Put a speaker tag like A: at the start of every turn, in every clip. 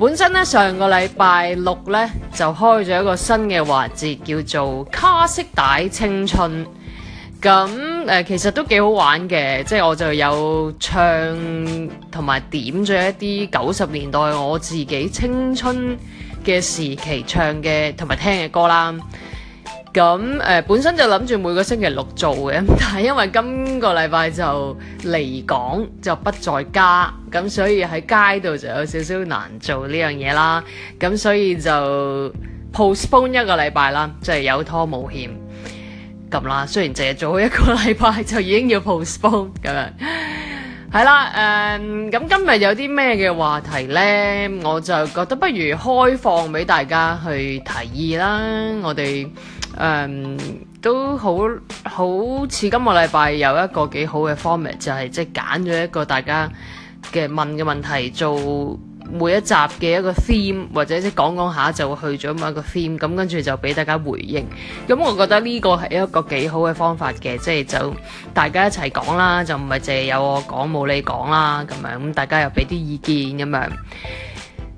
A: 本身咧上個禮拜六咧就開咗一個新嘅環節，叫做卡式帶青春。咁誒、呃、其實都幾好玩嘅，即係我就有唱同埋點咗一啲九十年代我自己青春嘅時期唱嘅同埋聽嘅歌啦。咁誒，本身就諗住每個星期六做嘅，但係因為今個禮拜就離港就不在家咁，所以喺街度就有少少難做呢樣嘢啦。咁所以就 postpone 一個禮拜啦，即係有拖冇欠咁啦。雖然淨係做好一個禮拜就已經要 postpone 咁樣，係啦誒。咁今日有啲咩嘅話題呢？我就覺得不如開放俾大家去提議啦。我哋～誒、嗯，都好，好似今個禮拜有一個幾好嘅 format，就係即係揀咗一個大家嘅問嘅問題做每一集嘅一個 theme，或者即係講講下就會去咗某一個 theme，咁跟住就俾大家回應。咁、嗯、我覺得呢個係一個幾好嘅方法嘅，即、就、係、是、就大家一齊講啦，就唔係淨係有我講冇你講啦，咁樣咁大家又俾啲意見咁樣。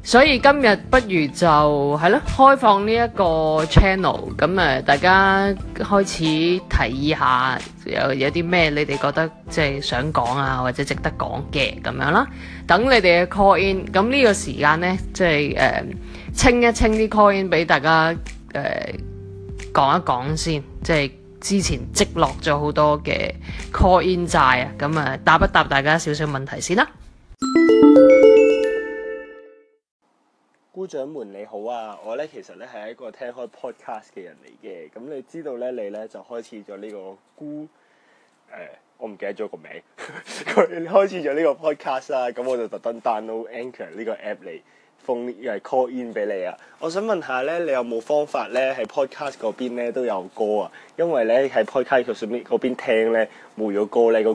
A: 所以今日不如就係咯，開放呢一個 channel，咁誒大家開始提議下有有啲咩你哋覺得即係、就是、想講啊，或者值得講嘅咁樣啦。等你哋嘅 call in，咁呢個時間呢，即係誒清一清啲 call in 俾大家誒、呃、講一講先，即、就、係、是、之前積落咗好多嘅 call in 債啊，咁誒答一答大家少少問題先啦。
B: 菇掌門你好啊！我咧其實咧係一個聽開 podcast 嘅人嚟嘅，咁你知道咧，你咧就開始咗呢個菇誒、哎，我唔記得咗個名。佢 開始咗呢個 podcast 啦，咁我就特登 download Anchor 呢個 app 嚟封 h o、就係、call in 俾你啊。我想問下咧，你有冇方法咧？喺 podcast 嗰邊咧都有歌啊，因為咧喺 podcast 上面嗰邊聽咧冇咗歌咧，嗰、嗰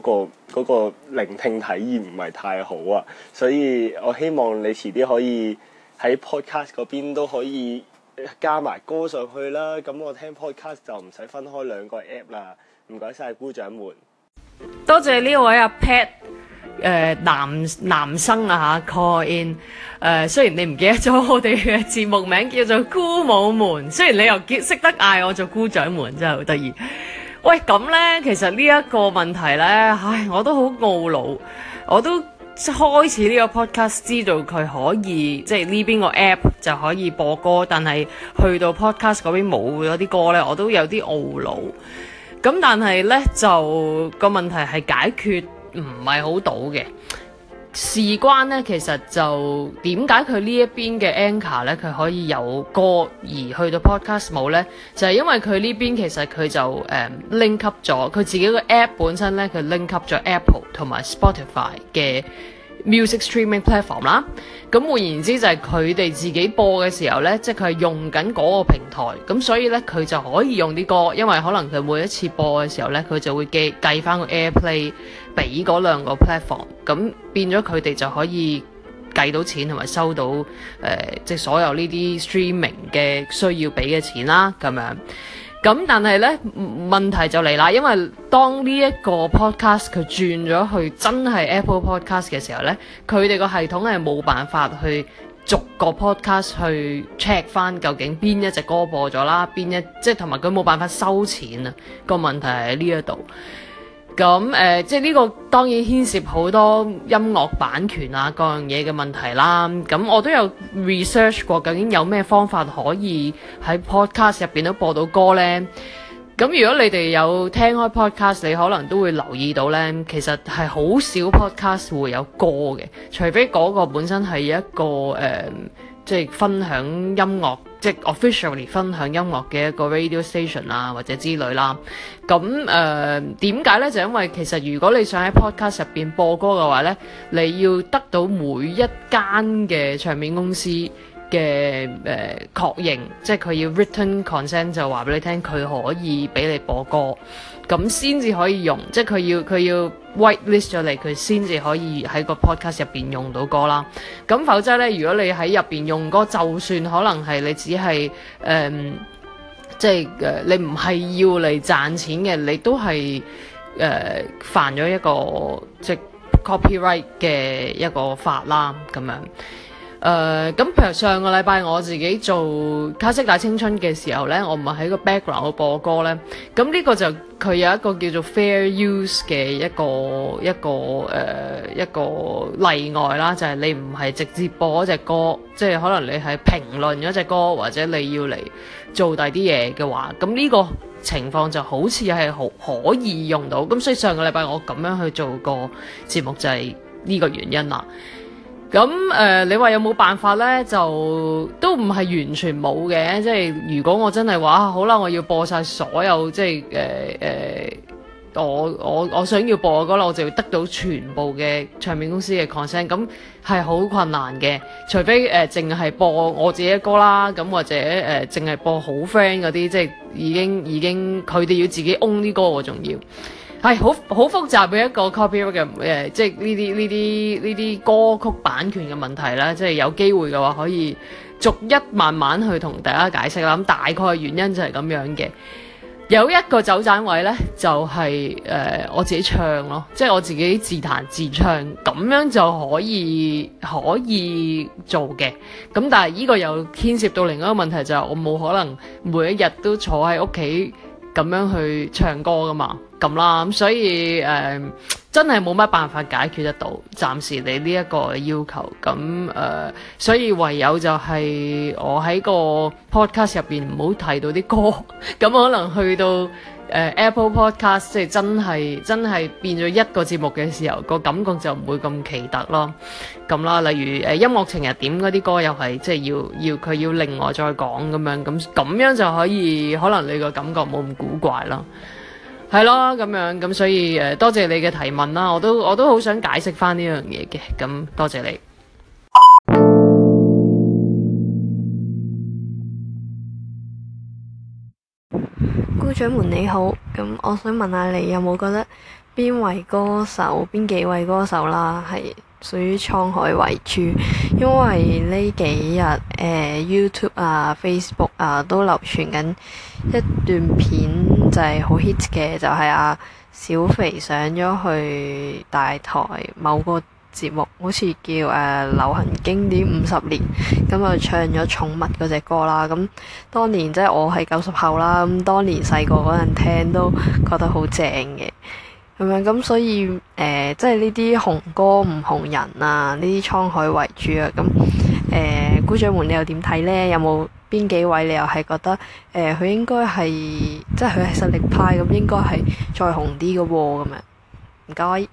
B: 個嗰、嗰個聆聽體驗唔係太好啊，所以我希望你遲啲可以。喺 podcast 嗰邊都可以加埋歌上去啦，咁我聽 podcast 就唔使分開兩個 app 啦，唔該晒菇掌門。
A: 多謝呢位阿 Pat，誒男男生啊嚇 call in，誒雖然你唔記得咗我哋嘅節目名叫做菇武門，雖然你又識得嗌我做菇掌門，真係好得意。喂，咁咧其實呢一個問題咧，唉，我都好懊惱，我都。即開始呢個 podcast，知道佢可以即係呢邊個 app 就可以播歌，但係去到 podcast 嗰邊冇咗啲歌呢，我都有啲懊惱。咁但係呢，就個問題係解決唔係好到嘅。事關呢，其實就點解佢呢一邊嘅 Anchor 咧，佢可以有歌而去到 Podcast 冇呢？就係因為佢呢邊其實佢就誒 link up 咗佢自己個 App 本身呢，佢 link up 咗 Apple 同埋 Spotify 嘅 music streaming platform 啦。咁換言之，就係佢哋自己播嘅時候呢，即係佢係用緊嗰個平台，咁所以呢，佢就可以用啲歌，因為可能佢每一次播嘅時候呢，佢就會計計翻個 AirPlay。俾嗰兩個 platform，咁變咗佢哋就可以計到錢同埋收到誒、呃，即係所有呢啲 streaming 嘅需要俾嘅錢啦，咁樣。咁但係呢問題就嚟啦，因為當呢一個 podcast 佢轉咗去真係 Apple podcast 嘅時候呢，佢哋個系統係冇辦法去逐個 podcast 去 check 翻究竟邊一隻歌播咗啦，邊一即係同埋佢冇辦法收錢啊，個問題係呢一度。咁誒、呃，即係呢個當然牽涉好多音樂版權啊，各樣嘢嘅問題啦。咁我都有 research 過，究竟有咩方法可以喺 podcast 入邊都播到歌呢？咁如果你哋有聽開 podcast，你可能都會留意到呢，其實係好少 podcast 會有歌嘅，除非嗰個本身係一個誒、呃，即係分享音樂。即 officially 分享音樂嘅一個 radio station 啊，或者之類啦。咁誒點解呢？就因為其實如果你想喺 podcast 入邊播歌嘅話呢，你要得到每一間嘅唱片公司嘅誒確認，即係佢要 written consent 就話俾你聽，佢可以俾你播歌。咁先至可以用，即係佢要佢要 white list 咗你，佢先至可以喺個 podcast 入邊用到歌啦。咁否則呢，如果你喺入邊用歌，就算可能係你只係誒、呃，即係誒、呃，你唔係要嚟賺錢嘅，你都係誒犯咗一個即係 copyright 嘅一個法啦咁樣。誒咁，呃、譬如上個禮拜我自己做《卡式大青春》嘅時候呢，我唔係喺個 background 度播歌呢。咁呢個就佢有一個叫做 fair use 嘅一個一個誒、呃、一個例外啦，就係、是、你唔係直接播一隻歌，即、就、係、是、可能你係評論嗰隻歌，或者你要嚟做第啲嘢嘅話，咁呢個情況就好似係好可以用到。咁所以上個禮拜我咁樣去做個節目就係呢個原因啦。咁誒、呃，你話有冇辦法呢？就都唔係完全冇嘅，即係如果我真係話、啊、好啦，我要播晒所有即係誒誒，我我我想要播嘅歌啦，我就要得到全部嘅唱片公司嘅 consent，咁係好困難嘅。除非誒，淨、呃、係播我自己嘅歌啦，咁或者誒，淨、呃、係播好 friend 嗰啲，即係已經已經佢哋要自己 own 啲歌我仲要。係好好複雜嘅一個 copyright 嘅誒，即係呢啲呢啲呢啲歌曲版權嘅問題啦。即係有機會嘅話，可以逐一慢慢去同大家解釋。咁、嗯、大概嘅原因就係咁樣嘅。有一個走盞位呢，就係、是、誒、呃、我自己唱咯，即係我自己自彈自唱，咁樣就可以可以做嘅。咁但係呢個又牽涉到另一個問題，就是，就係我冇可能每一日都坐喺屋企。咁樣去唱歌㗎嘛咁啦咁，所以誒、嗯、真係冇乜辦法解決得到。暫時你呢一個要求咁誒、呃，所以唯有就係我喺個 podcast 入邊唔好提到啲歌咁，可能去到。Uh, Apple Podcast 即係真係真係變咗一個節目嘅時候，個感覺就唔會咁奇特咯，咁啦。例如誒、呃、音樂情人點嗰啲歌又係即係要要佢要另外再講咁樣，咁咁樣就可以可能你個感覺冇咁古怪咯。係咯，咁樣咁所以誒、呃、多謝你嘅提問啦，我都我都好想解釋翻呢樣嘢嘅，咁多謝你。
B: 菇掌門你好，咁我想問下你有冇覺得邊位歌手、邊幾位歌手啦，係屬於滄海遺珠？因為呢幾日誒、呃、YouTube 啊、Facebook 啊都流傳緊一段片就，就係好 hit 嘅，就係阿小肥上咗去大台某個。節目好似叫誒、呃、流行經典五十年，咁、嗯、啊唱咗寵物嗰隻歌啦，咁、嗯、當年即係我係九十後啦，咁、嗯、當年細個嗰陣聽都覺得好正嘅，咁樣咁所以誒、呃、即係呢啲紅歌唔紅人啊，呢啲滄海遺珠啊，咁、嗯、誒，菇掌門你又點睇呢？有冇邊幾位你又係覺得誒佢、呃、應該係即係佢係實力派，咁，應該係再紅啲嘅喎？咁樣唔
A: 該。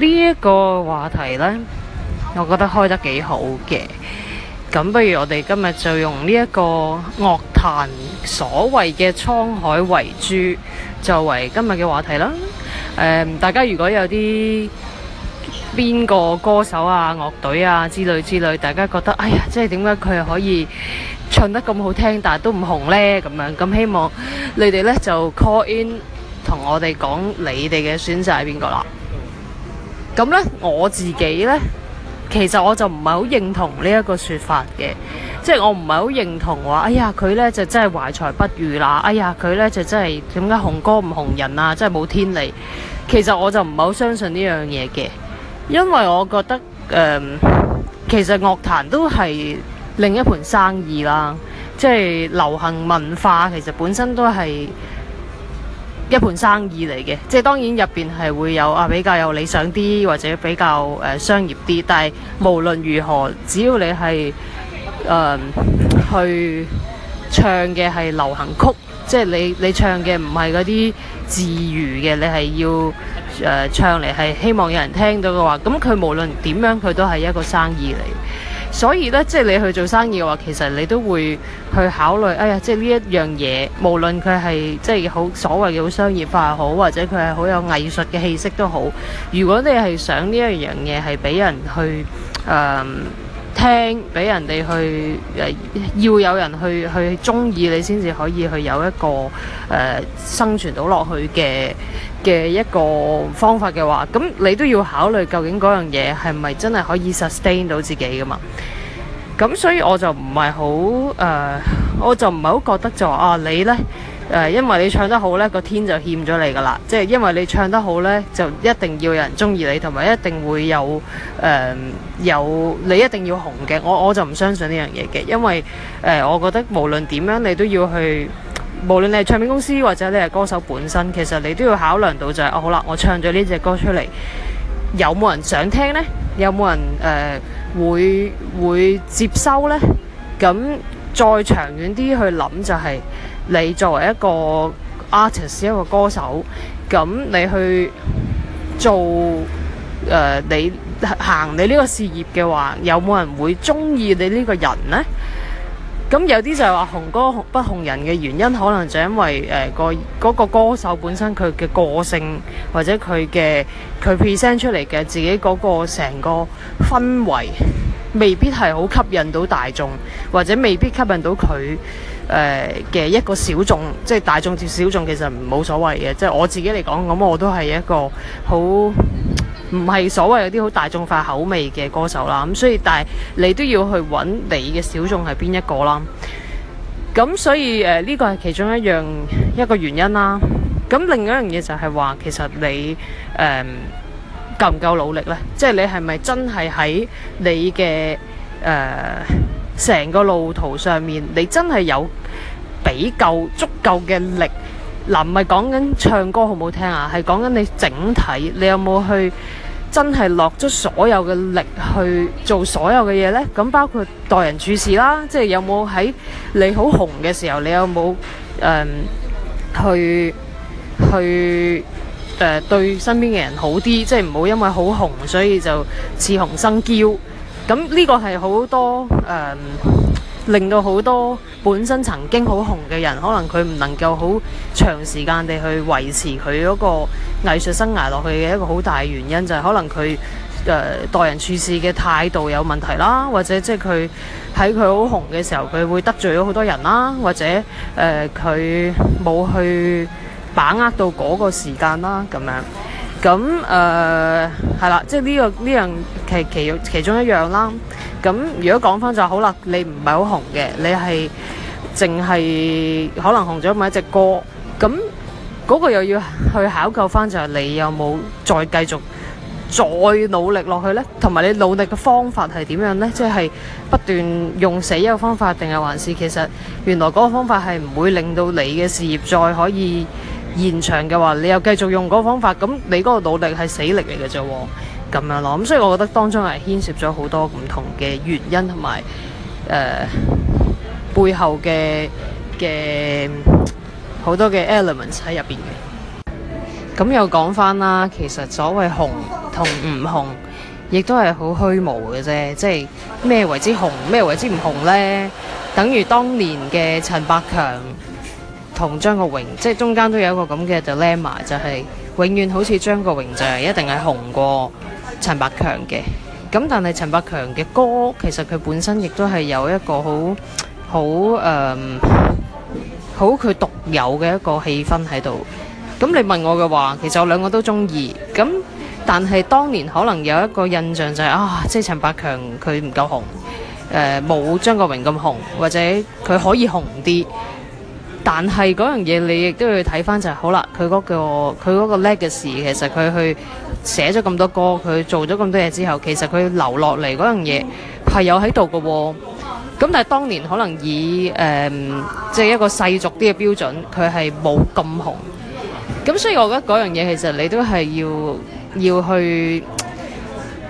A: 呢一個話題呢，我覺得開得幾好嘅。咁不如我哋今日就用呢一個樂壇所謂嘅滄海遺珠作為今日嘅話題啦。呃，大家如果有啲邊個歌手啊、樂隊啊之類之類，大家覺得哎呀，即係點解佢可以唱得咁好聽，但係都唔紅呢？咁樣，咁希望你哋呢就 call in，同我哋講你哋嘅選擇係邊個啦。咁咧，我自己咧，其實我就唔係好認同呢一個説法嘅，即係我唔係好認同話，哎呀，佢咧就真係懷才不遇啦，哎呀，佢咧就真係點解紅歌唔紅人啊，真係冇天理。其實我就唔係好相信呢樣嘢嘅，因為我覺得誒、呃，其實樂壇都係另一盤生意啦，即係流行文化其實本身都係。一盤生意嚟嘅，即係當然入邊係會有啊比較有理想啲，或者比較誒、呃、商業啲。但係無論如何，只要你係誒、呃、去唱嘅係流行曲，即係你你唱嘅唔係嗰啲自娛嘅，你係要誒、呃、唱嚟係希望有人聽到嘅話，咁佢無論點樣佢都係一個生意嚟。所以咧，即係你去做生意嘅話，其實你都會去考慮，哎呀，即係呢一樣嘢，無論佢係即係好所謂嘅好商業化又好，或者佢係好有藝術嘅氣息都好。如果你係想呢一樣嘢係俾人去，誒、呃。聽，俾人哋去誒，要有人去去鍾意你先至可以去有一個誒、呃、生存到落去嘅嘅一個方法嘅話，咁你都要考慮究竟嗰樣嘢係咪真係可以 sustain 到自己㗎嘛？咁所以我就唔係好誒，我就唔係好覺得就話啊，你呢。誒，因為你唱得好，呢個天就欠咗你㗎喇。即係因為你唱得好，呢就一定要有人鍾意你，同埋一定會有誒、呃、有你一定要紅嘅。我我就唔相信呢樣嘢嘅，因為誒、呃，我覺得無論點樣，你都要去，無論你係唱片公司或者你係歌手本身，其實你都要考量到就係、是哦，好啦，我唱咗呢隻歌出嚟，有冇人想聽呢？有冇人誒、呃、會會接收呢？咁再長遠啲去諗就係、是。你作為一個 artist，一個歌手，咁你去做誒，你行你呢個事業嘅話，有冇人會中意你呢個人呢？咁有啲就係話紅歌不紅人嘅原因，可能就因為誒、個嗰個歌手本身佢嘅個性，或者佢嘅佢 present 出嚟嘅自己嗰個成個氛圍，未必係好吸引到大眾，或者未必吸引到佢。誒嘅、呃、一個小眾，即係大眾接小眾，其實冇所謂嘅。即係我自己嚟講，咁我都係一個好唔係所謂有啲好大眾化口味嘅歌手啦。咁、嗯、所以，但係你都要去揾你嘅小眾係邊一個啦。咁所以誒，呢、呃這個係其中一樣一個原因啦。咁另一樣嘢就係話，其實你誒、呃、夠唔夠努力呢？即係你係咪真係喺你嘅誒、呃成個路途上面，你真係有俾夠足夠嘅力，嗱唔係講緊唱歌好唔好聽啊，係講緊你整體，你有冇去真係落咗所有嘅力去做所有嘅嘢呢？咁包括待人處事啦，即係有冇喺你好紅嘅時候，你有冇誒、嗯、去去誒、呃、對身邊嘅人好啲？即係唔好因為好紅，所以就恃紅生驕。咁呢個係好多誒，令到好多本身曾經好紅嘅人，可能佢唔能夠好長時間地去維持佢嗰個藝術生涯落去嘅一個好大原因，就係可能佢誒待人處事嘅態度有問題啦，或者即係佢喺佢好紅嘅時候，佢會得罪咗好多人啦，或者誒佢冇去把握到嗰個時間啦，咁樣。咁誒，係啦、呃，即係呢、這個呢樣、這個，其其其中一樣啦。咁如果講翻就好啦，你唔係好紅嘅，你係淨係可能紅咗某一隻歌，咁嗰、嗰個又要去考究翻就係你有冇再繼續再努力落去咧？同埋你努力嘅方法係點樣咧？即係不斷用死一個方法，定係還是其實原來嗰個方法係唔會令到你嘅事業再可以？現場嘅話，你又繼續用嗰個方法，咁你嗰個努力係死力嚟嘅啫喎，咁樣咯。咁所以，我覺得當中係牽涉咗好多唔同嘅原因同埋誒背後嘅嘅好多嘅 elements 喺入邊嘅。咁又講翻啦，其實所謂紅同唔紅，亦都係好虛無嘅啫，即係咩為之紅，咩為之唔紅呢？等於當年嘅陳百強。同張國榮即係中間都有一個咁嘅 dilemma，就係永遠好似張國榮就係一定係紅過陳百強嘅。咁但係陳百強嘅歌其實佢本身亦都係有一個好好誒好佢獨有嘅一個氣氛喺度。咁你問我嘅話，其實我兩個都鍾意。咁但係當年可能有一個印象就係啊，即係陳百強佢唔夠紅，誒冇張國榮咁紅，或者佢可以紅啲。但係嗰樣嘢，你亦都要睇翻就係好啦，佢嗰個，佢嗰個 legacy，其實佢去寫咗咁多歌，佢做咗咁多嘢之後，其實佢留落嚟嗰樣嘢係有喺度嘅喎。咁但係當年可能以誒即係一個世俗啲嘅標準，佢係冇咁紅。咁所以我覺得嗰樣嘢其實你都係要要去誒。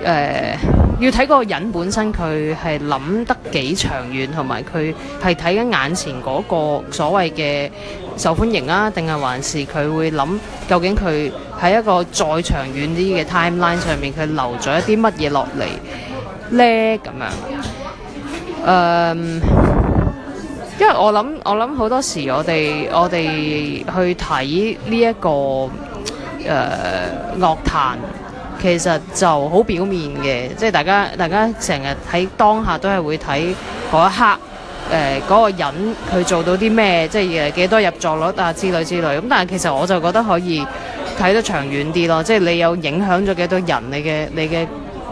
A: 呃要睇嗰個人本身，佢係諗得幾長遠，同埋佢係睇緊眼前嗰個所謂嘅受歡迎啊，定係還是佢會諗究竟佢喺一個再長遠啲嘅 timeline 上面，佢留咗一啲乜嘢落嚟呢？咁樣誒，um, 因為我諗我諗好多時我，我哋我哋去睇呢一個誒、uh, 樂壇。其實就好表面嘅，即係大家大家成日喺當下都係會睇嗰一刻，誒嗰個人佢做到啲咩，即係幾多入座率啊之類之類。咁但係其實我就覺得可以睇得長遠啲咯，即係你有影響咗幾多人，你嘅你嘅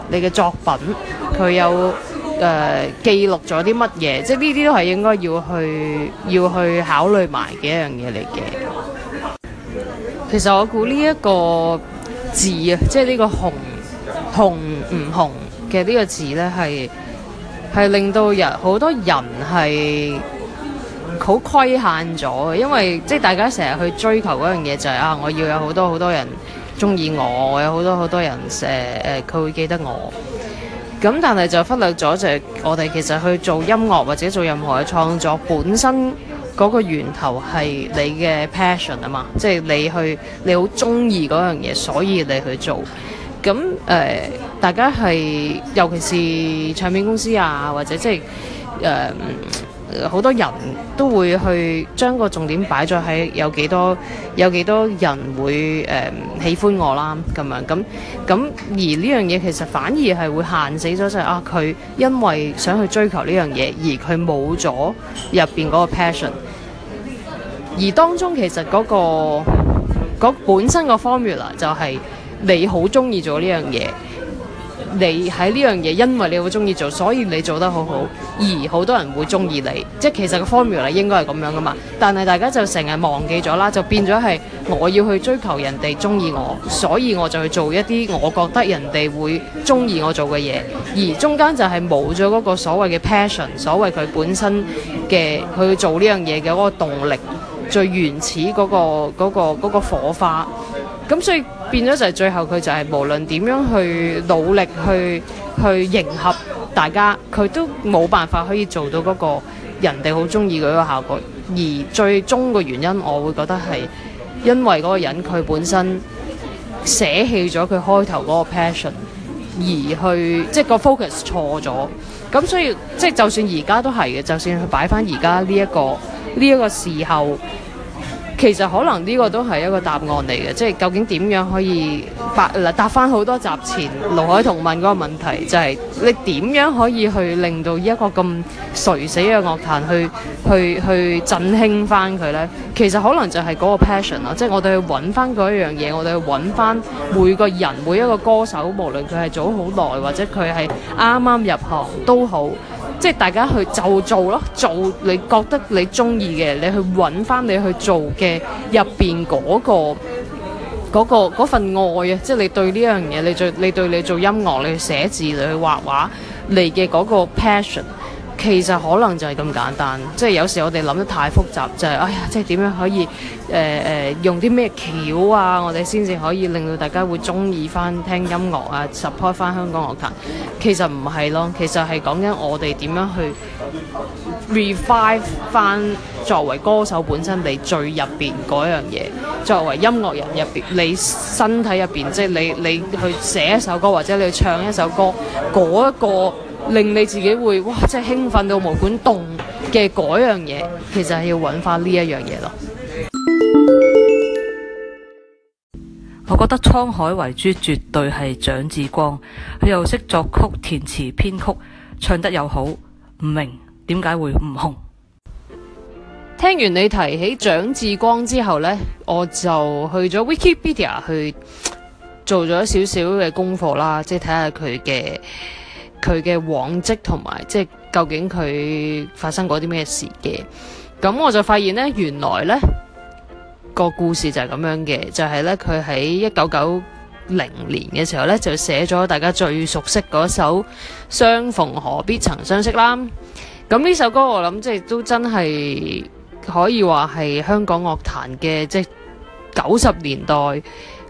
A: 你嘅作品，佢有誒記錄咗啲乜嘢，即係呢啲都係應該要去要去考慮埋嘅一樣嘢嚟嘅。其實我估呢一個字啊，即係呢個紅紅唔紅嘅呢個字咧，係係令到人好多人係好侷限咗，因為即係大家成日去追求嗰樣嘢就係、是、啊，我要有好多好多人中意我，我有好多好多人誒誒，佢、呃、會記得我。咁但係就忽略咗就係我哋其實去做音樂或者做任何嘅創作本身。嗰個源頭係你嘅 passion 啊嘛，即係你去你好中意嗰樣嘢，所以你去做。咁誒、呃，大家係尤其是唱片公司啊，或者即係誒。呃好多人都會去將個重點擺咗喺有幾多，有幾多人會誒、嗯、喜歡我啦咁樣咁咁，而呢樣嘢其實反而係會限死咗就係啊，佢因為想去追求呢樣嘢，而佢冇咗入邊嗰個 passion，而當中其實嗰、嗰個本身個 formula 就係你好中意咗呢樣嘢。你喺呢樣嘢，因為你會中意做，所以你做得好好，而好多人會中意你，即係其實個 formula 應該係咁樣噶嘛。但係大家就成日忘記咗啦，就變咗係我要去追求人哋中意我，所以我就去做一啲我覺得人哋會中意我做嘅嘢，而中間就係冇咗嗰個所謂嘅 passion，所謂佢本身嘅佢做呢樣嘢嘅嗰個動力，最原始嗰個嗰個嗰個火花。咁所以。變咗就係最後，佢就係無論點樣去努力去去迎合大家，佢都冇辦法可以做到嗰個人哋好中意嗰個效果。而最終個原因，我會覺得係因為嗰個人佢本身捨棄咗佢開頭嗰個 passion，而去即係個 focus 錯咗。咁所以即係就算而家都係嘅，就算擺翻而家呢一個呢一個時候。其實可能呢個都係一個答案嚟嘅，即係究竟點樣可以發答嗱答翻好多集前盧海彤問嗰個問題，就係、是、你點樣可以去令到一個咁垂死嘅樂壇去去去振興翻佢呢？」其實可能就係嗰個 passion 咯，即係我哋去揾翻嗰樣嘢，我哋去揾翻每個人每一個歌手，無論佢係做好耐或者佢係啱啱入行都好。即係大家去就做咯，做你覺得你中意嘅，你去揾翻你去做嘅入邊嗰個嗰、嗰個份愛啊！即係你對呢樣嘢，你對你對你做音樂，你寫字，你去畫畫你嘅嗰個 passion。其實可能就係咁簡單，即係有時我哋諗得太複雜，就係哎呀，即係點樣可以誒誒用啲咩橋啊？我哋先至可以令到大家會鍾意翻聽音樂啊，support 翻香港樂壇。其實唔係咯，其實係講緊我哋點樣去 revive 翻作為歌手本身你最入邊嗰樣嘢，作為音樂人入邊你身體入邊，即係你你去寫一首歌或者你去唱一首歌嗰一個。令你自己會哇，真係興奮到毛管動嘅嗰樣嘢，其實係要揾翻呢一樣嘢咯。我覺得《滄海遺珠》絕對係蔣志光，佢又識作曲、填詞、編曲，唱得又好，唔明點解會唔紅。聽完你提起蔣志光之後呢，我就去咗 Wikipedia 去做咗少少嘅功課啦，即係睇下佢嘅。佢嘅往迹同埋，即係究竟佢發生過啲咩事嘅？咁我就發現呢，原來呢個故事就係咁樣嘅，就係呢，佢喺一九九零年嘅時候呢，就寫咗大家最熟悉嗰首《相逢何必曾相識》啦。咁呢首歌我諗即係都真係可以話係香港樂壇嘅即係九十年代。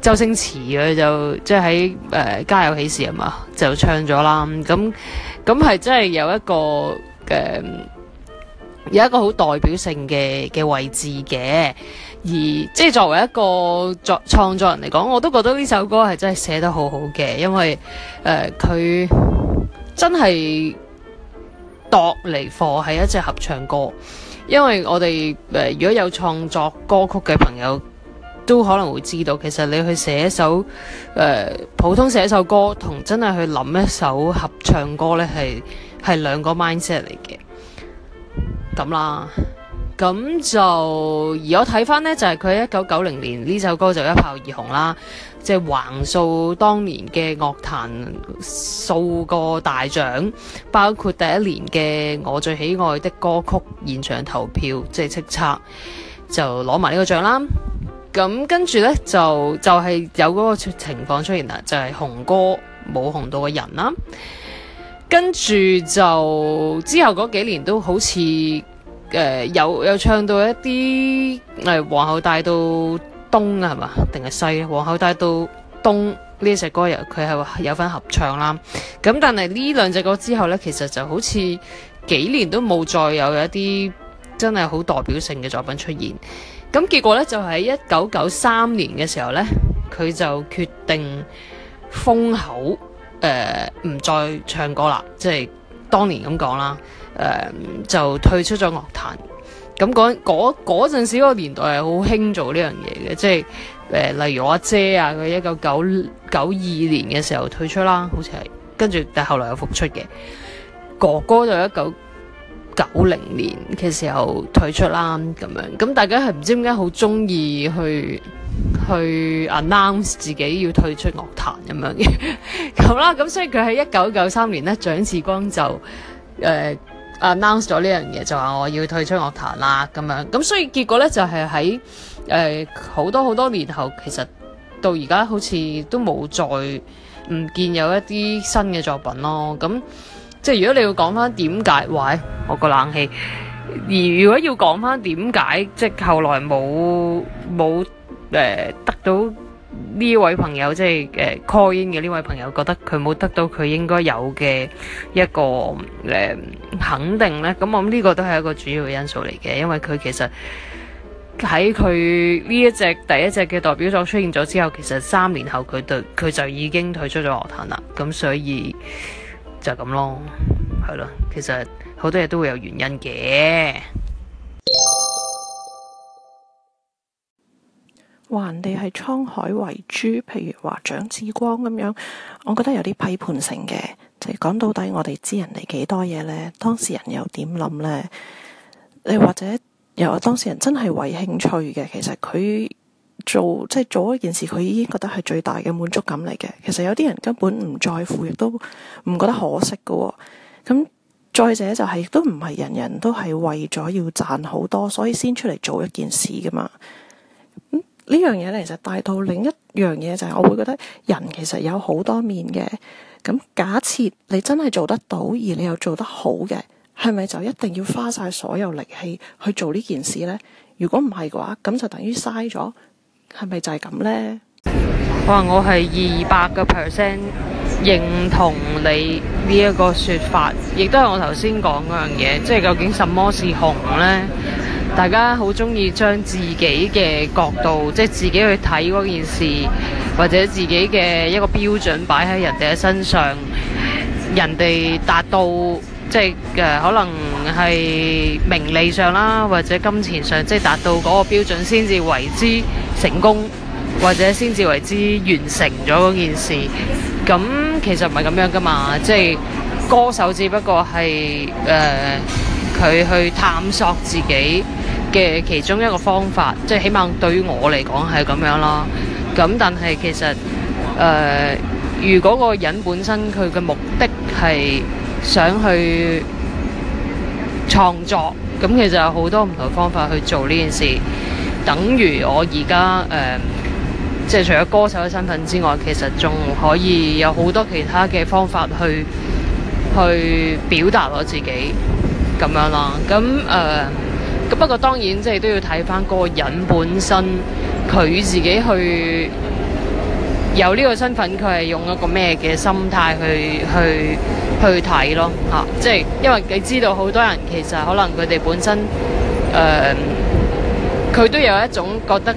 A: 周星馳嘅就即係喺誒家有喜事啊嘛，就唱咗啦。咁咁係真係有一個誒有、呃、一個好代表性嘅嘅位置嘅。而即係作為一個作創作人嚟講，我都覺得呢首歌係真係寫得好好嘅，因為誒佢、呃、真係度嚟貨係一隻合唱歌。因為我哋誒、呃、如果有創作歌曲嘅朋友。都可能會知道，其實你去寫一首誒、呃、普通寫一首歌，同真係去諗一首合唱歌呢係係兩個 mindset 嚟嘅咁啦。咁就而我睇翻呢，就係佢一九九零年呢首歌就一炮而紅啦，即係橫掃當年嘅樂壇數個大獎，包括第一年嘅我最喜愛的歌曲現場投票，即係叱咤就攞埋呢個獎啦。咁跟住呢，就就係、是、有嗰個情況出現啦，就係、是、紅歌冇紅到嘅人啦。跟住就之後嗰幾年都好似誒、呃、有有唱到一啲誒皇后大道東啊，係嘛？定係西皇后大道東呢隻歌又佢係有份合唱啦。咁但係呢兩隻歌之後呢，其實就好似幾年都冇再有一啲真係好代表性嘅作品出現。咁結果咧就喺一九九三年嘅時候咧，佢就決定封口，誒唔再唱歌啦，即係當年咁講啦，誒就退出咗樂壇。咁嗰嗰嗰陣時嗰個年代係好興做呢樣嘢嘅，即係誒例如我阿姐啊，佢一九九九二年嘅時候退出啦，好似係跟住，但係後來又復出嘅哥哥就一九九零年嘅時候退出啦，咁樣咁大家係唔知點解好中意去去 announce 自己要退出樂壇咁樣嘅，好 啦，咁所以佢喺一九九三年咧，蔣志光就誒、呃、announce 咗呢樣嘢，就話我要退出樂壇啦，咁樣咁所以結果咧就係喺誒好多好多年後，其實到而家好似都冇再唔見有一啲新嘅作品咯，咁。即係如果你要講翻點解喂，我個冷氣，而如果要講翻點解即係後來冇冇誒得到呢位朋友，即係誒、呃、call in 嘅呢位朋友，覺得佢冇得到佢應該有嘅一個誒、呃、肯定呢。咁我諗呢個都係一個主要嘅因素嚟嘅，因為佢其實喺佢呢一隻第一隻嘅代表作出現咗之後，其實三年後佢退佢就已經退出咗樂壇啦，咁、嗯、所以。就咁咯，係咯。其實好多嘢都會有原因嘅，
C: 話人哋係滄海遺珠，譬如話蔣志光咁樣，我覺得有啲批判性嘅。就係講到底，我哋知人哋幾多嘢呢？當事人又點諗呢？你或者有當事人真係為興趣嘅，其實佢。做即係做一件事，佢已經覺得係最大嘅滿足感嚟嘅。其實有啲人根本唔在乎，亦都唔覺得可惜嘅喎。咁再者就係都唔係人人都係為咗要賺好多，所以先出嚟做一件事噶嘛。嗯，呢樣嘢咧，其實帶到另一樣嘢就係，我會覺得人其實有好多面嘅。咁假設你真係做得到，而你又做得好嘅，係咪就一定要花晒所有力氣去做呢件事呢？如果唔係嘅話，咁就等於嘥咗。係咪就係咁呢？
A: 哇！我係二百個 percent 認同你呢一個說法，亦都係我頭先講嗰樣嘢，即係究竟什麼是紅呢？大家好中意將自己嘅角度，即係自己去睇嗰件事，或者自己嘅一個標準擺喺人哋嘅身上，人哋達到。即係、呃、可能係名利上啦，或者金錢上，即係達到嗰個標準先至為之成功，或者先至為之完成咗嗰件事。咁、嗯、其實唔係咁樣噶嘛，即係歌手只不過係誒佢去探索自己嘅其中一個方法，即係起碼對於我嚟講係咁樣啦。咁、嗯、但係其實誒、呃，如果個人本身佢嘅目的係想去創作，咁其實有好多唔同方法去做呢件事。等於我而家、呃、即係除咗歌手嘅身份之外，其實仲可以有好多其他嘅方法去去表達我自己咁樣啦。咁誒，咁、呃、不過當然即係都要睇返個人本身，佢自己去。有呢個身份，佢係用一個咩嘅心態去去去睇咯嚇，啊，即係因為你知道好多人其實可能佢哋本身誒，佢、呃、都有一種覺得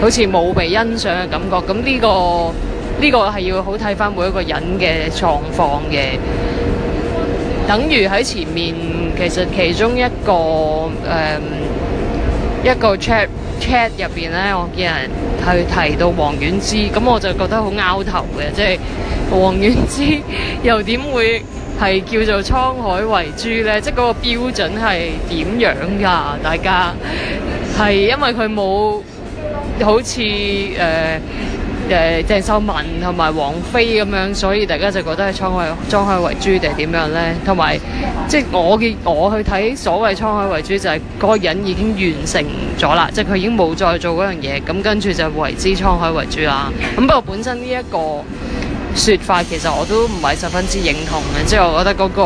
A: 好似冇被欣賞嘅感覺。咁呢、呢個呢、呢個係要好睇翻每一個人嘅狀況嘅，等於喺前面其實其中一個誒、呃、一個 check Chat 入邊咧，我見人去提到王菀之，咁我就覺得好拗頭嘅，即係王菀之又點會係叫做滄海遺珠咧？即係嗰個標準係點樣㗎？大家係因為佢冇好似誒，呃誒鄭秀文同埋王菲咁樣，所以大家就覺得係《滄海》《滄海遺珠》定點樣呢？同埋即係我嘅我去睇所謂《滄海遺珠》，就係、是、嗰個人已經完成咗啦，即係佢已經冇再做嗰樣嘢，咁跟住就為之《滄海遺珠》啦。咁不過本身呢一個説法其實我都唔係十分之認同嘅，即、就、係、是、我覺得嗰、那個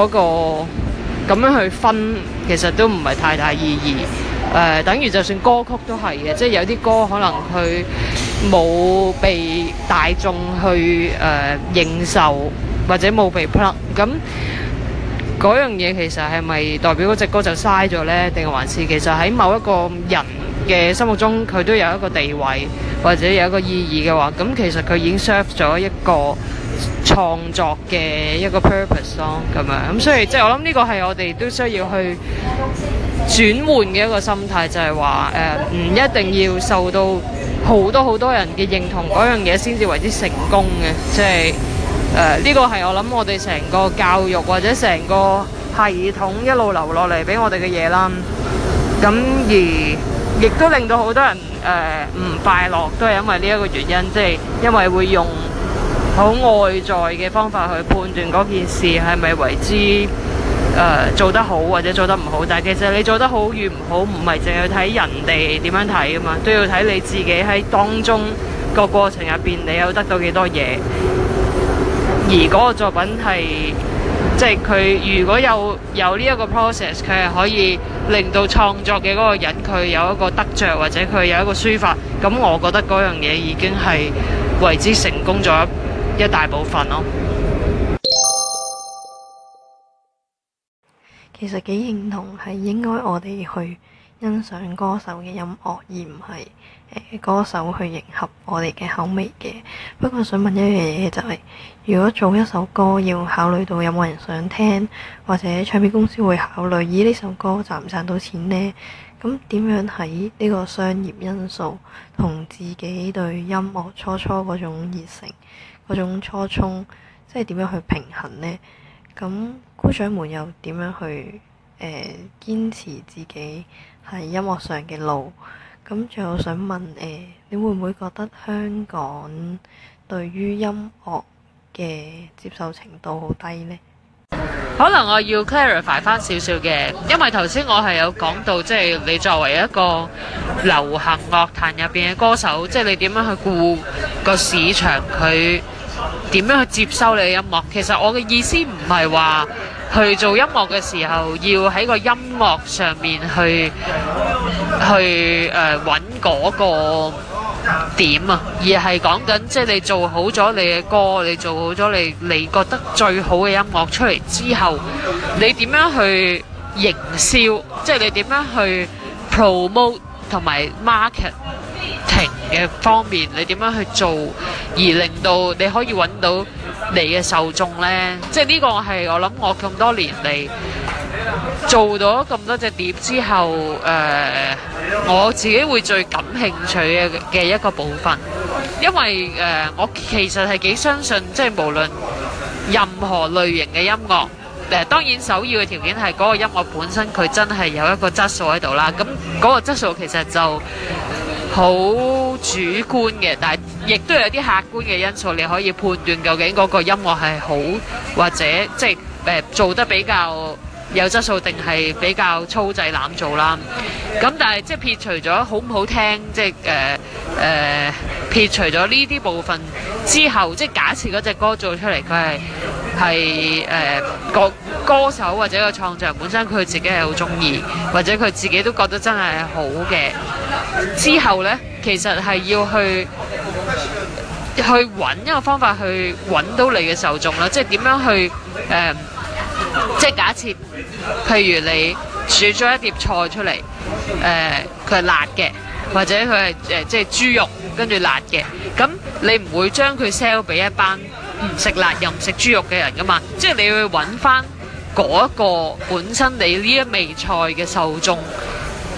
A: 嗰、那個咁樣去分，其實都唔係太大意義。呃、等於就算歌曲都係嘅，即係有啲歌可能佢冇被大眾去誒認、呃、受，或者冇被 plug 咁、嗯、嗰樣嘢其實係咪代表嗰隻歌就嘥咗呢？定還是其實喺某一個人嘅心目中，佢都有一個地位或者有一個意義嘅話，咁、嗯、其實佢已經 serve 咗一個創作嘅一個 purpose 咯，咁樣，咁所以即係我諗呢個係我哋都需要去轉換嘅一個心態，就係話誒唔一定要受到好多好多人嘅認同，嗰樣嘢先至為之成功嘅，即係誒呢個係我諗我哋成個教育或者成個系統一路流落嚟俾我哋嘅嘢啦。咁而亦都令到好多人誒唔快樂，都係因為呢一個原因，即係因為會用。好外在嘅方法去判斷嗰件事係咪為之誒、呃、做得好或者做得唔好，但係其實你做得好與唔好，唔係淨係睇人哋點樣睇噶嘛，都要睇你自己喺當中個過程入邊，你有得到幾多嘢。而嗰個作品係即係佢如果有有呢一個 process，佢係可以令到創作嘅嗰個人佢有一個得着或者佢有一個抒發，咁我覺得嗰樣嘢已經係為之成功咗。一大部分咯、
B: 哦，其實幾認同，係應該我哋去欣賞歌手嘅音樂，而唔係歌手去迎合我哋嘅口味嘅。不過想問一樣嘢就係、是，如果做一首歌要考慮到有冇人想聽，或者唱片公司會考慮，咦呢首歌賺唔賺到錢呢？咁點樣喺呢個商業因素同自己對音樂初初嗰種熱誠？嗰種初衷，即係點樣去平衡呢？咁菇掌門又點樣去誒、呃、堅持自己喺音樂上嘅路？咁最後想問誒、呃，你會唔會覺得香港對於音樂嘅接受程度好低呢？
A: 可能我要 clarify 翻少少嘅，因為頭先我係有講到即係、就是、你作為一個流行樂壇入邊嘅歌手，即、就、係、是、你點樣去顧個市場佢。點樣去接收你嘅音樂？其實我嘅意思唔係話去做音樂嘅時候要喺個音樂上面去去誒搵嗰個點啊，而係講緊即係你做好咗你嘅歌，你做好咗你你覺得最好嘅音樂出嚟之後，你點樣去營銷？即係你點樣去 promote 同埋 market？停嘅方面，你點樣去做，而令到你可以揾到你嘅受眾咧？即係呢個係我諗，我咁多年嚟做咗咁多隻碟之後，誒我自己會最感興趣嘅嘅一個部分，因為誒我其實係幾相信，即係無論任何類型嘅音樂，誒當然首要嘅條件係嗰個音樂本身佢真係有一個質素喺度啦。咁嗰個質素其實就好主觀嘅，但係亦都有啲客觀嘅因素，你可以判斷究竟嗰個音樂係好或者即係呃，做得比較有質素定係比較粗製濫造啦，咁但係即係撇除咗好唔好聽，即係誒誒撇除咗呢啲部分之後，即係假設嗰隻歌做出嚟，佢係係誒個歌手或者個創作者本身佢自己係好中意，或者佢自己都覺得真係好嘅，之後呢，其實係要去去揾一個方法去揾到你嘅受眾啦，即係點樣去誒，呃即係假設，譬如你煮咗一碟菜出嚟，誒、呃，佢係辣嘅，或者佢係誒即係豬肉跟住辣嘅，咁你唔會將佢 sell 俾一班唔食辣又唔食豬肉嘅人噶嘛？即係你會揾翻嗰一個本身你呢一味菜嘅受眾，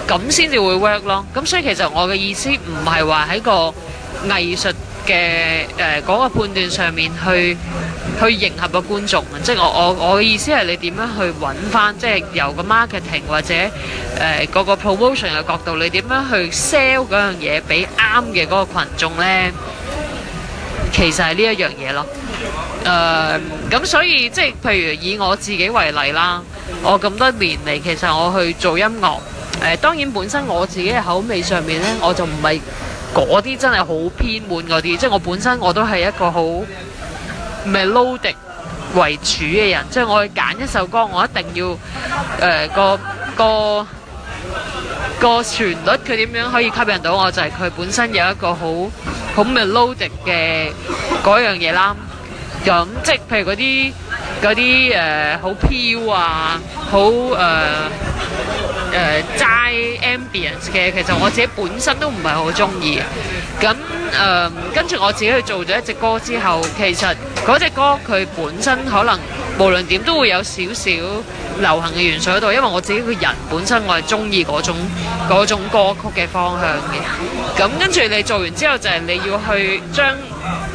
A: 咁先至會 work 咯。咁所以其實我嘅意思唔係話喺個藝術。嘅誒嗰個判斷上面去去迎合個觀眾。即係我我我嘅意思係你點樣去揾返？即係由個 marketing 或者誒、呃、個 promotion 嘅角度，你點樣去 sell 嗰樣嘢俾啱嘅嗰個羣眾呢？其實係呢一樣嘢咯。誒、呃、咁所以即係譬如以我自己為例啦，我咁多年嚟其實我去做音樂誒、呃，當然本身我自己嘅口味上面呢，我就唔係。嗰啲真係好偏門嗰啲，即係我本身我都係一個好 melody 為主嘅人，即係我去揀一首歌，我一定要誒、呃、個個個旋律佢點樣可以吸引到我，就係、是、佢本身有一個好好嘅 melody 嘅嗰樣嘢啦。咁即係譬如嗰啲嗰啲誒好飄啊，好誒。呃誒齋 ambience 嘅，其實我自己本身都唔係好中意嘅。咁誒，跟住我自己去做咗一隻歌之後，其實嗰隻歌佢本身可能無論點都會有少少流行嘅元素喺度，因為我自己個人本身我係中意嗰種嗰種歌曲嘅方向嘅。咁跟住你做完之後，就係你要去將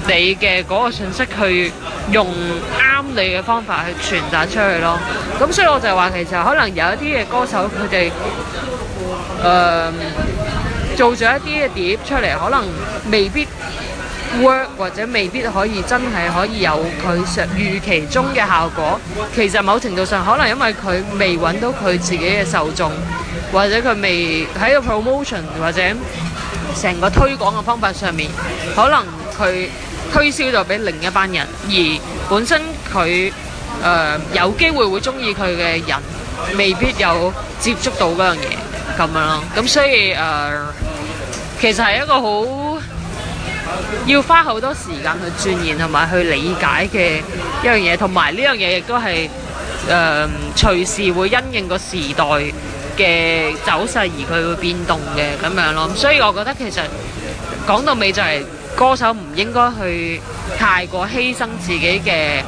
A: 你嘅嗰個信息去。用啱你嘅方法去傳達出去咯。咁所以我就話，其實可能有一啲嘅歌手佢哋誒做咗一啲嘅碟出嚟，可能未必 work 或者未必可以真係可以有佢想預期中嘅效果。其實某程度上，可能因為佢未揾到佢自己嘅受眾，或者佢未喺個 promotion 或者成個推廣嘅方法上面，可能佢。推銷咗俾另一班人，而本身佢誒有機會會中意佢嘅人，未必有接觸到嗰樣嘢咁樣咯。咁所以誒，其實係一個好要花好多時間去鑽研，同埋去理解嘅一樣嘢。同埋呢樣嘢亦都係誒隨時會因應個時代嘅走勢而佢會變動嘅咁樣咯。所以我覺得其實講到尾就係。歌手唔應該去太過犧牲自己嘅、誒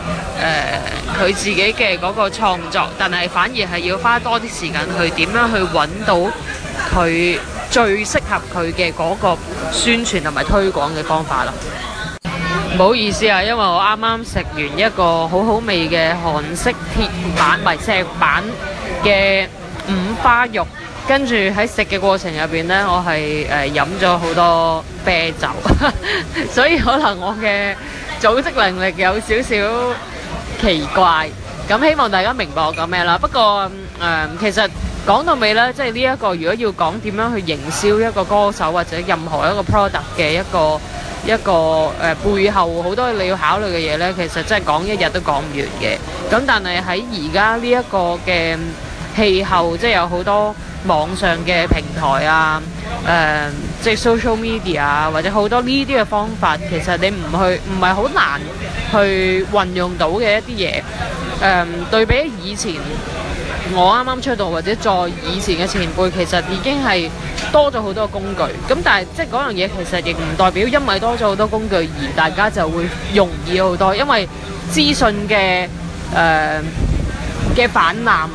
A: 佢自己嘅嗰個創作，但係反而係要花多啲時間去點樣去揾到佢最適合佢嘅嗰個宣傳同埋推廣嘅方法啦。唔好意思啊，因為我啱啱食完一個好好味嘅韓式鐵板，唔係石板嘅五花肉。跟住喺食嘅過程入邊呢，我係誒飲咗好多啤酒， 所以可能我嘅組織能力有少少奇怪。咁希望大家明白我講咩啦。不過誒、嗯，其實講到尾呢，即係呢一個如果要講點樣去營銷一個歌手或者任何一個 product 嘅一個一個誒、呃、背後好多你要考慮嘅嘢呢，其實真係講一日都講唔完嘅。咁但係喺而家呢一個嘅氣候，即係有好多，網上嘅平台啊，誒、呃，即係 uh social media 啊，或者好多呢啲嘅方法，其實你唔去唔係好難去運用到嘅一啲嘢。誒、呃，對比以前我啱啱出道或者再以前嘅前輩，其實已經係多咗好多工具。咁但係即係嗰樣嘢其實亦唔代表因為多咗好多工具而大家就會容易好多，因為資訊嘅誒嘅氾濫。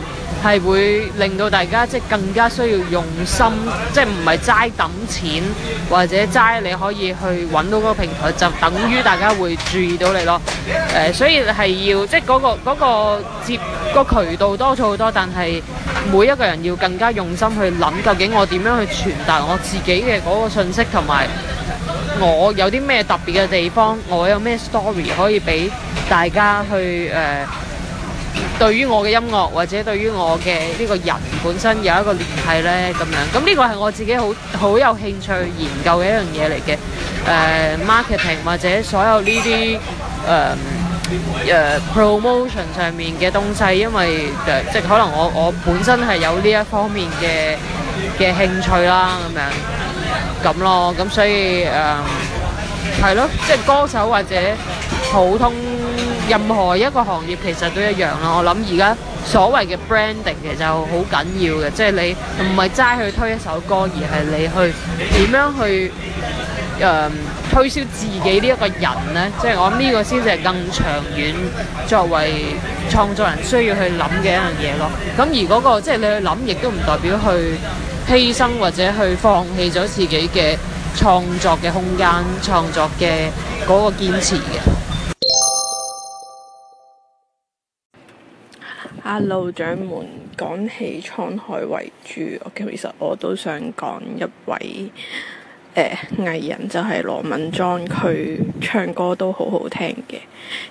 A: 係會令到大家即係更加需要用心，即係唔係齋揼錢，或者齋你可以去揾到嗰個平台，就等於大家會注意到你咯、呃。所以係要即係嗰、嗰個、嗰個嗰個、接、嗰個渠道多咗好多，但係每一個人要更加用心去諗，究竟我點樣去傳達我自己嘅嗰個信息，同埋我有啲咩特別嘅地方，我有咩 story 可以俾大家去誒。呃對於我嘅音樂，或者對於我嘅呢個人本身有一個聯繫呢，咁樣，咁呢個係我自己好好有興趣研究嘅一樣嘢嚟嘅。誒 marketing，或者所有呢啲誒誒 promotion 上面嘅東西，因為誒即係可能我我本身係有呢一方面嘅嘅興趣啦，咁樣咁咯，咁所以誒係咯，即係歌手或者普通。任何一個行業其實都一樣咯，我諗而家所謂嘅 branding 其實好緊要嘅，即係你唔係齋去推一首歌，而係你去點樣去誒、呃、推銷自己呢一個人呢。即係我諗呢個先至係更長遠作為創作人需要去諗嘅一樣嘢咯。咁而嗰、那個即係你去諗，亦都唔代表去犧牲或者去放棄咗自己嘅創作嘅空間、創作嘅嗰個堅持嘅。
C: 啊老 Hello, Hello. 掌門講起滄海遺珠，OK，其實我都想講一位。誒、哎、藝人就係羅敏莊，佢唱歌都好好聽嘅。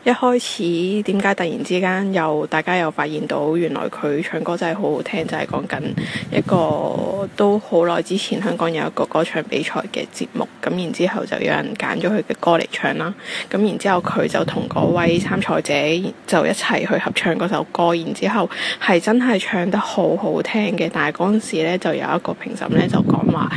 C: 一開始點解突然之間又大家又發現到原來佢唱歌真係好好聽，就係講緊一個都好耐之前香港有一個歌唱比賽嘅節目，咁然之後就有人揀咗佢嘅歌嚟唱啦。咁然之後佢就同嗰位參賽者就一齊去合唱嗰首歌，然之後係真係唱得好好聽嘅。但係嗰陣時咧就有一個評審咧就講話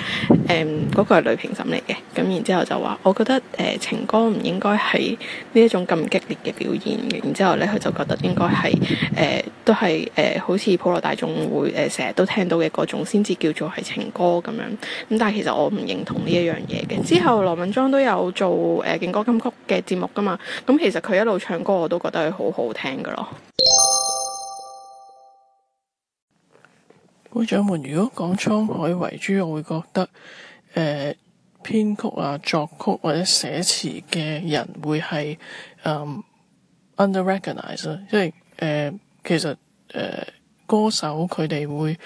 C: 誒，嗰個係女評審嚟嘅，咁然之後就話，我覺得誒、呃、情歌唔應該係呢一種咁激烈嘅表現，然之後呢，佢就覺得應該係誒、呃、都係誒、呃、好似普羅大眾會誒成日都聽到嘅嗰種先至叫做係情歌咁樣，咁但係其實我唔認同呢一樣嘢嘅。之後羅敏莊都有做誒、呃、勁歌金曲嘅節目噶嘛，咁其實佢一路唱歌我都覺得佢好好聽噶咯。會長們如果講滄海遺珠，我會覺得誒，呃編曲啊、作曲或者寫詞嘅人會係 um、under-recognized 即係、呃、其實、呃、歌手佢哋會誒、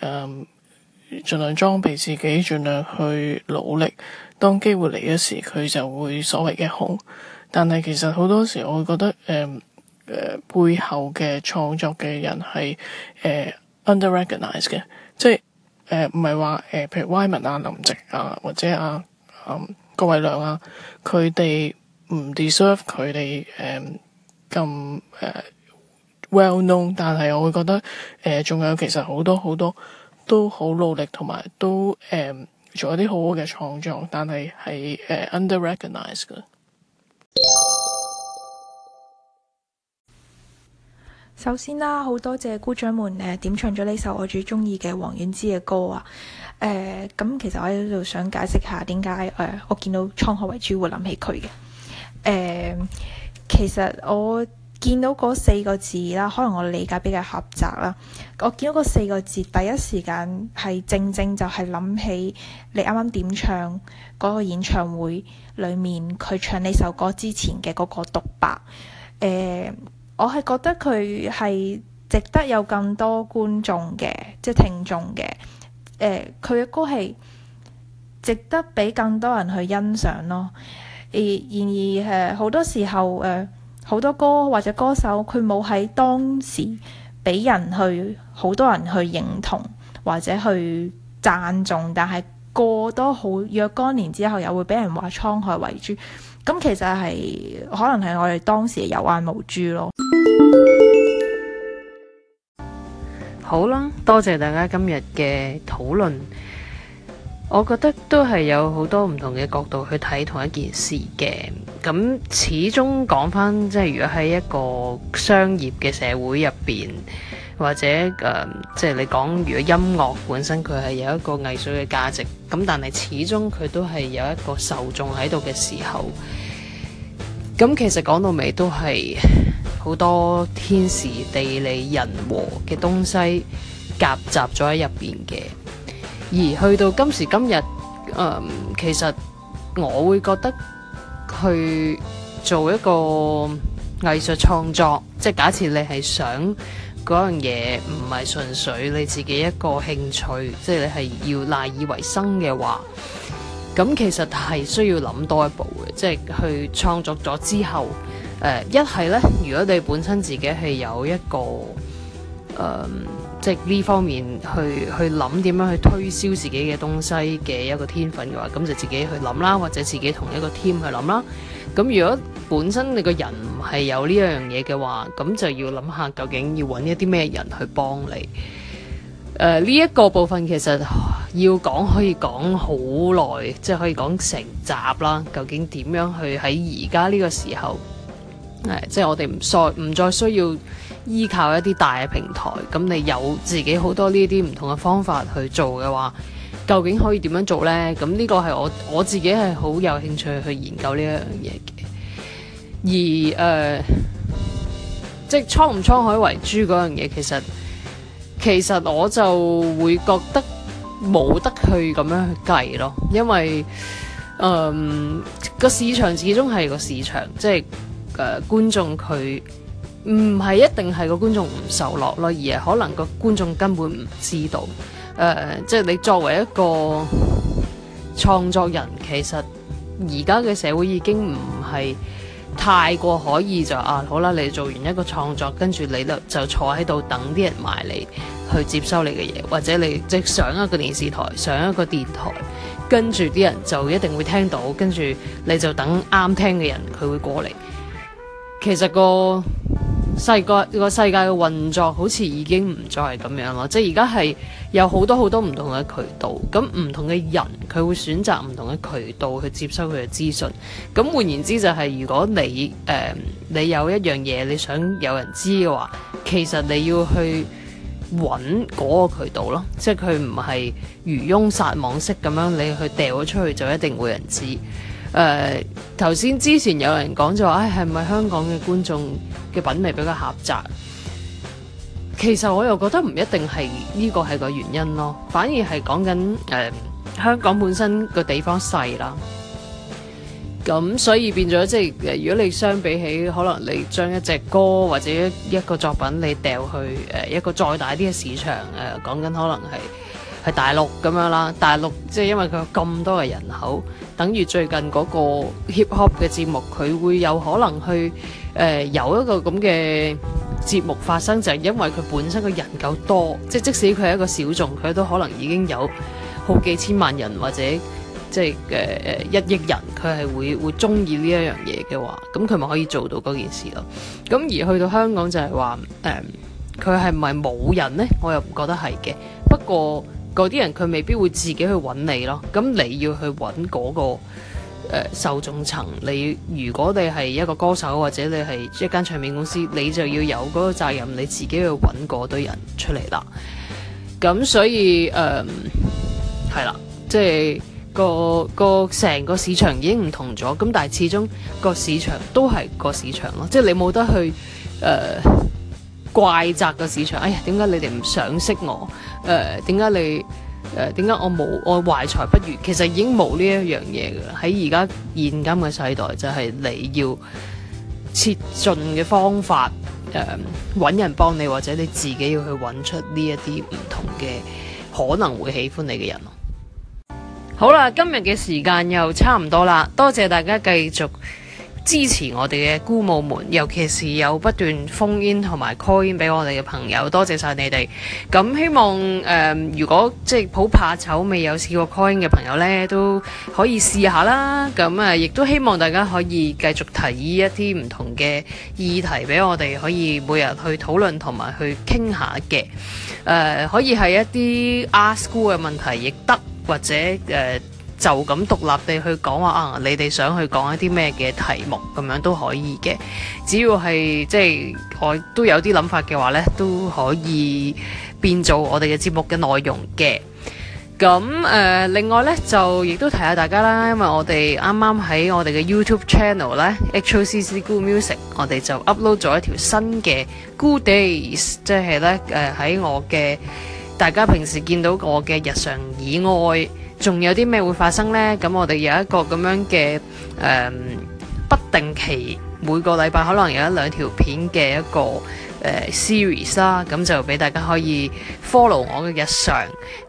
C: 呃、盡量裝備自己，盡量去努力。當機會嚟嘅時，佢就會所謂嘅紅。但係其實好多時，我會覺得、呃、背後嘅創作嘅人係、呃、under-recognized 嘅，即係。誒唔係話，誒、呃呃，譬如 Wyman 啊、林夕啊，或者啊，嗯，郭偉亮啊，佢哋唔 deserve 佢哋誒咁誒 well known，但係我會覺得誒仲、呃、有其實好多好多都好努力，同埋都誒做、呃、一啲好好嘅創作，但係係誒 under recognize 嘅。呃
D: 首先啦，好多謝菇掌門誒、呃、點唱咗呢首我最中意嘅黃婉芝嘅歌啊！誒、呃，咁其實我喺度想解釋下點解誒我見到《滄海遺珠》會諗起佢嘅。誒、呃，其實我見到嗰四個字啦，可能我理解比較狹窄啦。我見到嗰四個字，第一時間係正正就係諗起你啱啱點唱嗰個演唱會裏面佢唱呢首歌之前嘅嗰個獨白。誒、呃。我係覺得佢係值得有更多觀眾嘅，即係聽眾嘅。誒、呃，佢嘅歌係值得俾更多人去欣賞咯。而然而誒，好、呃、多時候誒，好、呃、多歌或者歌手，佢冇喺當時俾人去好多人去認同或者去讚頌，但係過多好若干年之後，又會俾人話滄海遺珠。咁其實係可能係我哋當時有眼無珠咯。
A: 好啦，多謝大家今日嘅討論。我覺得都係有好多唔同嘅角度去睇同一件事嘅。咁始終講返，即係如果喺一個商業嘅社會入邊。或者誒、嗯，即係你講，如果音樂本身佢係有一個藝術嘅價值，咁但係始終佢都係有一個受眾喺度嘅時候。咁其實講到尾都係好多天時地利人和嘅東西夾雜咗喺入邊嘅。而去到今時今日，誒、嗯，其實我會覺得去做一個藝術創作，即係假設你係想，嗰樣嘢唔係純粹你自己一個興趣，即係你係要賴以為生嘅話，咁其實係需要諗多一步嘅，即係去創作咗之後，誒一係呢，如果你本身自己係有一個即係呢方面去去諗點樣去推銷自己嘅東西嘅一個天分嘅話，咁就自己去諗啦，或者自己同一個 team 去諗啦。咁如果本身你個人唔係有呢樣嘢嘅話，咁就要諗下究竟要揾一啲咩人去幫你。誒呢一個部分其實要講可以講好耐，即係可以講成集啦。究竟點樣去喺而家呢個時候，嗯，即係我哋唔再唔再需要依靠一啲大嘅平台，咁你有自己好多呢啲唔同嘅方法去做嘅話。究竟可以點樣做呢？咁呢個係我我自己係好有興趣去研究呢一樣嘢嘅。而誒、呃，即係滄唔滄海遺珠嗰樣嘢，其實其實我就會覺得冇得去咁樣去計咯，因為誒個、呃、市場始終係個市場，即係誒、呃、觀眾佢唔係一定係個觀眾唔受落咯，而係可能個觀眾根本唔知道。誒、呃，即係你作為一個創作人，其實而家嘅社會已經唔係太過可以就啊。好啦，你做完一個創作，跟住你就坐喺度等啲人埋嚟去接收你嘅嘢，或者你即上一個電視台，上一個電台，跟住啲人就一定會聽到，跟住你就等啱聽嘅人佢會過嚟。其實個世、個世界嘅運作好似已經唔再係咁樣囉，即係而家係。有好多好多唔同嘅渠道，咁唔同嘅人佢會選擇唔同嘅渠道去接收佢嘅資訊。咁換言之就係、是，如果你誒、呃、你有一樣嘢你想有人知嘅話，其實你要去揾嗰個渠道咯，即係佢唔係漁翁撒網式咁樣，你去掉咗出去就一定會有人知。誒頭先之前有人講就話，誒係咪香港嘅觀眾嘅品味比較狹窄？其實我又覺得唔一定係呢個係個原因咯，反而係講緊誒香港本身個地方細啦。咁、嗯、所以變咗即係如果你相比起，可能你將一隻歌或者一個作品你掉去誒、呃、一個再大啲嘅市場誒，講、呃、緊可能係係大陸咁樣啦。大陸即係因為佢有咁多嘅人口，等於最近嗰個 hip hop 嘅節目，佢會有可能去誒、呃、有一個咁嘅節目發生就係、是、因為佢本身個人夠多，即即使佢係一個小眾，佢都可能已經有好幾千萬人或者即係嘅、呃、一億人，佢係會會中意呢一樣嘢嘅話，咁佢咪可以做到嗰件事咯？咁而去到香港就係話，誒佢係唔係冇人呢？我又唔覺得係嘅。不過嗰啲人佢未必會自己去揾你咯，咁你要去揾嗰、那個。誒、呃，受眾層，你如果你係一個歌手，或者你係一間唱片公司，你就要有嗰個責任，你自己去搵嗰堆人出嚟啦。咁、嗯、所以誒，係、呃、啦，即係個個成個市場已經唔同咗。咁但係始終個市場都係個市場咯，即係你冇得去誒、呃、怪責個市場。哎呀，點解你哋唔賞識我？誒、呃，點解你？誒，點解、呃、我冇我懷才不遇？其實已經冇呢一樣嘢㗎。喺而家現今嘅世代，就係、是、你要切盡嘅方法誒，搵、呃、人幫你，或者你自己要去搵出呢一啲唔同嘅可能會喜歡你嘅人咯。好啦，今日嘅時間又差唔多啦，多謝大家繼續。支持我哋嘅菇武門，尤其是有不斷封煙同埋 call in 俾我哋嘅朋友，多謝晒你哋。咁希望誒、呃，如果即係好怕醜未有試過 call in 嘅朋友呢，都可以試下啦。咁啊、呃，亦都希望大家可以繼續提議一啲唔同嘅議題俾我哋，可以每日去討論同埋去傾下嘅。誒、呃，可以係一啲 r School 嘅問題亦得，或者誒、呃就咁獨立地去講話啊，你哋想去講一啲咩嘅題目，咁樣都可以嘅，只要係即係我都有啲諗法嘅話呢，都可以變做我哋嘅節目嘅內容嘅。咁誒、呃，另外呢，就亦都提下大家啦，因為我哋啱啱喺我哋嘅 YouTube channel 呢 HOCC Good Music，我哋就 upload 咗一條新嘅 Good Days，即係呢，誒、呃、喺我嘅大家平時見到我嘅日常以外。仲有啲咩會發生呢？咁我哋有一個咁樣嘅，uh，不定期每個禮拜可能有一兩條片嘅一個 series 啦，咁就俾大家可以 follow 我嘅日常，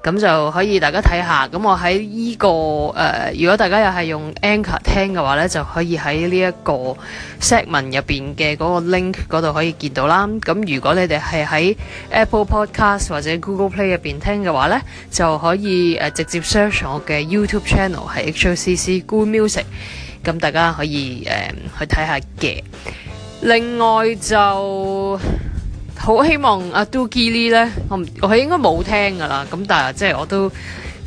A: 咁就可以大家睇下。咁我喺依、這個誒、呃，如果大家又係用 Anchor 聽嘅話呢，就可以喺呢一個 segment 入邊嘅嗰個 link 嗰度可以見到啦。咁如果你哋係喺 Apple Podcast 或者 Google Play 入邊聽嘅話呢，就可以誒、呃、直接 search 我嘅 YouTube channel 係 HCC Good Music，咁大家可以誒、呃、去睇下嘅。另外就。好希望阿 Do Kili 呢，我唔，我應該冇聽㗎啦。咁但係即係我都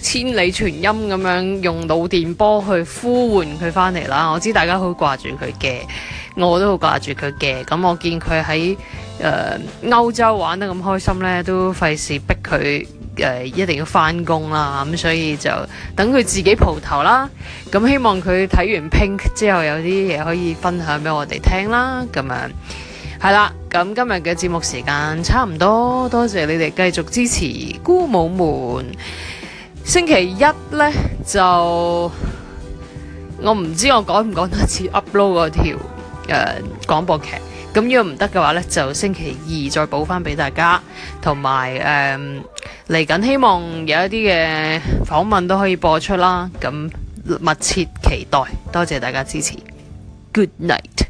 A: 千里傳音咁樣用腦電波去呼喚佢翻嚟啦。我知大家好掛住佢嘅，我都好掛住佢嘅。咁、嗯、我見佢喺誒歐洲玩得咁開心呢，都費事逼佢誒、呃、一定要翻工啦。咁、嗯、所以就等佢自己蒲頭啦。咁、嗯、希望佢睇完 Pink 之後有啲嘢可以分享俾我哋聽啦。咁、嗯、樣。嗯。係啦，咁今日嘅節目時間差唔多，多謝你哋繼續支持菇武門。星期一呢，就我唔知我改唔改得次 upload 嗰條誒、呃、廣播劇，咁如果唔得嘅話呢，就星期二再補翻俾大家。同埋誒嚟緊，呃、希望有一啲嘅訪問都可以播出啦。咁密切期待，多謝大家支持。Good night。